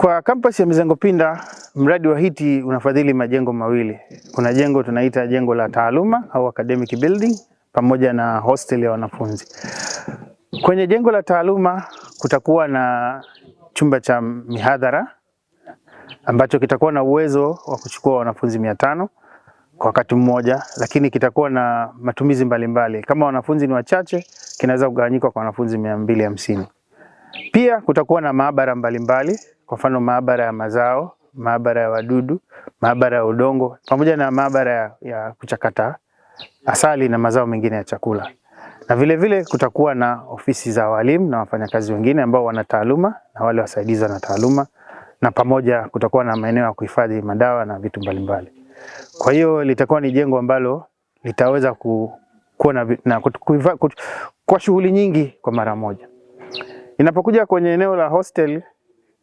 Kwa kampasi ya Mizengo Pinda, mradi wa hiti unafadhili majengo mawili. Kuna jengo tunaita jengo la taaluma au academic building pamoja na hostel ya wanafunzi. Kwenye jengo la taaluma kutakuwa na chumba cha mihadhara ambacho kitakuwa na uwezo wa kuchukua wanafunzi mia tano kwa wakati mmoja, lakini kitakuwa na matumizi mbalimbali mbali. Kama wanafunzi ni wachache, kinaweza kugawanyika kwa wanafunzi mia mbili hamsini. Pia kutakuwa na maabara mbalimbali mbali. Kwa mfano maabara ya mazao, maabara ya wadudu, maabara ya udongo, pamoja na maabara ya, ya kuchakata asali na mazao mengine ya chakula. Na vile vile kutakuwa na ofisi za walimu na wafanyakazi wengine ambao wana taaluma na wale wasaidizi wana taaluma, na pamoja kutakuwa na maeneo ya kuhifadhi madawa na vitu mbalimbali. Kwa hiyo litakuwa ni jengo ambalo litaweza ku, kuwa na, na kwa shughuli nyingi kwa mara moja. Inapokuja kwenye eneo la hostel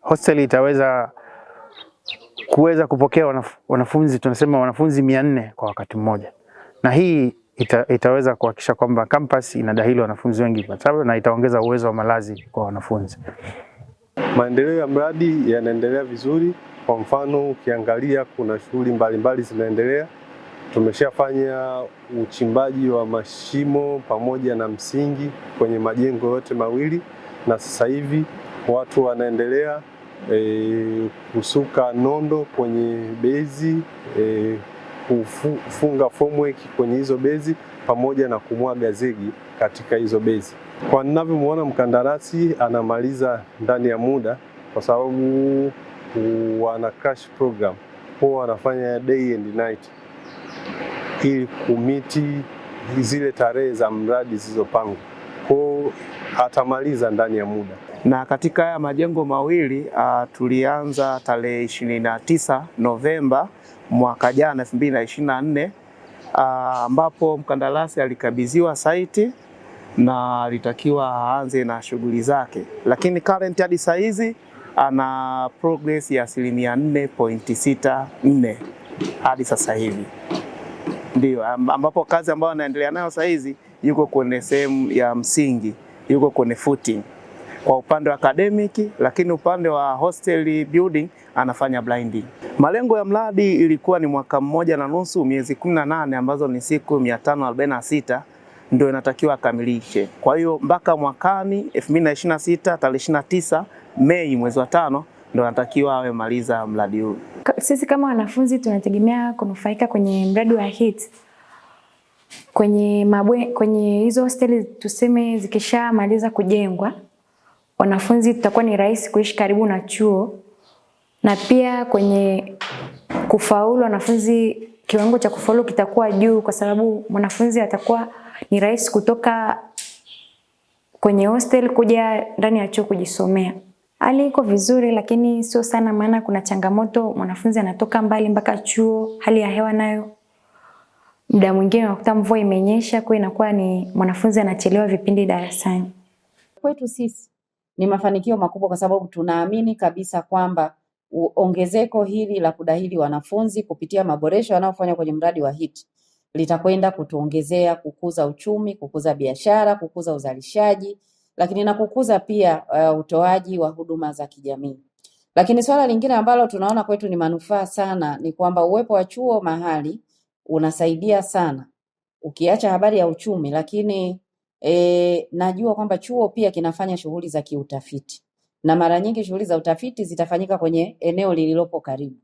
hostel itaweza kuweza kupokea wanaf wanafunzi tunasema wanafunzi mia nne kwa wakati mmoja, na hii ita itaweza kuhakikisha kwamba campus inadahili wanafunzi wengi na itaongeza uwezo wa malazi kwa wanafunzi. Maendeleo ya mradi yanaendelea vizuri. Kwa mfano, ukiangalia kuna shughuli mbalimbali zinaendelea. Tumeshafanya uchimbaji wa mashimo pamoja na msingi kwenye majengo yote mawili, na sasa hivi watu wanaendelea e, kusuka nondo kwenye bezi e, kufunga formwork kwenye hizo bezi pamoja na kumwaga zegi katika hizo bezi. Kwa ninavyomwona mkandarasi anamaliza ndani ya muda, kwa sababu wana crash program huwa wanafanya day and night ili kumiti zile tarehe za mradi zilizopangwa, kwao atamaliza ndani ya muda na katika haya majengo mawili uh, tulianza tarehe 29 Novemba mwaka jana 2024 ah, ambapo mkandarasi alikabidhiwa saiti na alitakiwa aanze na shughuli zake, lakini current hadi saa hizi ana progress ya asilimia 4.64 hadi sasa hivi, ndio ambapo kazi ambayo anaendelea nayo saa hizi yuko kwenye sehemu ya msingi, yuko kwenye footing kwa upande wa academic, lakini upande wa hostel building anafanya blinding. Malengo ya mradi ilikuwa ni mwaka mmoja na nusu, miezi 18 ambazo ni siku 546 ndio inatakiwa akamilishe. Kwa hiyo mpaka mwakani 2026 tarehe 29 Mei mwezi wa tano ndio anatakiwa awe maliza mradi huu. Sisi kama wanafunzi tunategemea kunufaika kwenye mradi wa HEET kwenye mabwe, kwenye hizo hosteli tuseme zikishamaliza kujengwa wanafunzi tutakuwa ni rahisi kuishi karibu na chuo, na pia kwenye kufaulu wanafunzi, kiwango cha kufaulu kitakuwa juu, kwa sababu mwanafunzi atakuwa ni rahisi kutoka kwenye hostel kuja ndani ya chuo kujisomea. Hali iko vizuri, lakini sio sana, maana kuna changamoto, mwanafunzi anatoka mbali mpaka chuo. Hali ya hewa nayo muda mwingine unakuta mvua imenyesha, kwa inakuwa ni mwanafunzi anachelewa vipindi darasani. Kwetu sisi ni mafanikio makubwa kwa sababu tunaamini kabisa kwamba ongezeko hili la kudahili wanafunzi kupitia maboresho yanayofanywa kwenye mradi wa HIT litakwenda kutuongezea kukuza uchumi, kukuza biashara, kukuza uzalishaji, lakini na kukuza pia uh, utoaji wa huduma za kijamii. Lakini swala lingine ambalo tunaona kwetu ni manufaa sana ni kwamba uwepo wa chuo mahali unasaidia sana, ukiacha habari ya uchumi, lakini E, najua kwamba chuo pia kinafanya shughuli za kiutafiti na mara nyingi shughuli za utafiti zitafanyika kwenye eneo lililopo karibu,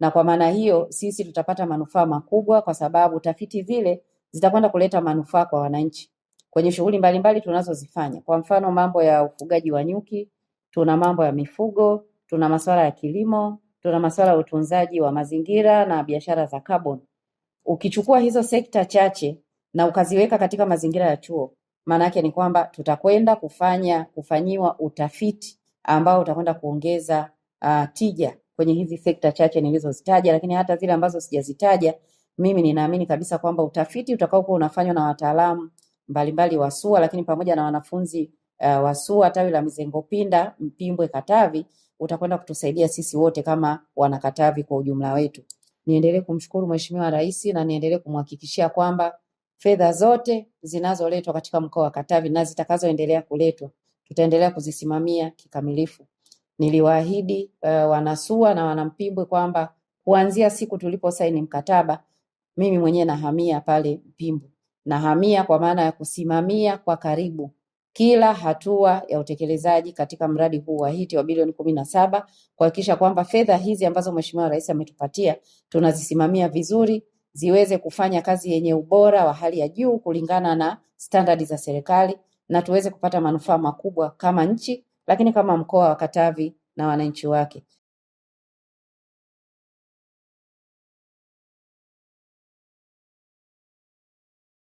na kwa maana hiyo sisi tutapata manufaa makubwa, kwa sababu tafiti zile zitakwenda kuleta manufaa kwa wananchi kwenye shughuli mbalimbali tunazozifanya. Kwa mfano, mambo ya ufugaji wa nyuki, tuna mambo ya mifugo, tuna masuala ya kilimo, tuna masuala ya utunzaji wa mazingira na biashara za carbon. Ukichukua hizo sekta chache na ukaziweka katika mazingira ya chuo, maana yake ni kwamba tutakwenda kufanya kufanyiwa utafiti ambao utakwenda kuongeza uh, tija kwenye hizi sekta chache nilizozitaja, lakini hata zile ambazo sijazitaja, mimi ninaamini kabisa kwamba utafiti utakaokuwa unafanywa na wataalamu mbalimbali wa SUA, lakini pamoja na wanafunzi uh, wa SUA tawi la Pinda Mpimbwe Katavi utakwenda kutusaidia sisi wote kama wanakatavi kwa ujumla wetu. Niendelee kumshukuru Mheshimiwa Rais na niendelee kumhakikishia kwamba Fedha zote zinazoletwa katika mkoa wa Katavi na zitakazoendelea kuletwa tutaendelea kuzisimamia kikamilifu. Niliwaahidi uh, wanasua na wanampimbwe kwamba kuanzia siku tuliposaini mkataba, mimi mwenyewe nahamia pale Mpimbwe, nahamia kwa maana ya kusimamia kwa karibu kila hatua ya utekelezaji katika mradi huu wa hiti wa bilioni kumi na saba kuhakikisha kwamba fedha hizi ambazo Mheshimiwa Rais ametupatia tunazisimamia vizuri ziweze kufanya kazi yenye ubora wa hali ya juu kulingana na standardi za serikali na tuweze kupata manufaa makubwa kama nchi, lakini kama mkoa wa Katavi na wananchi wake.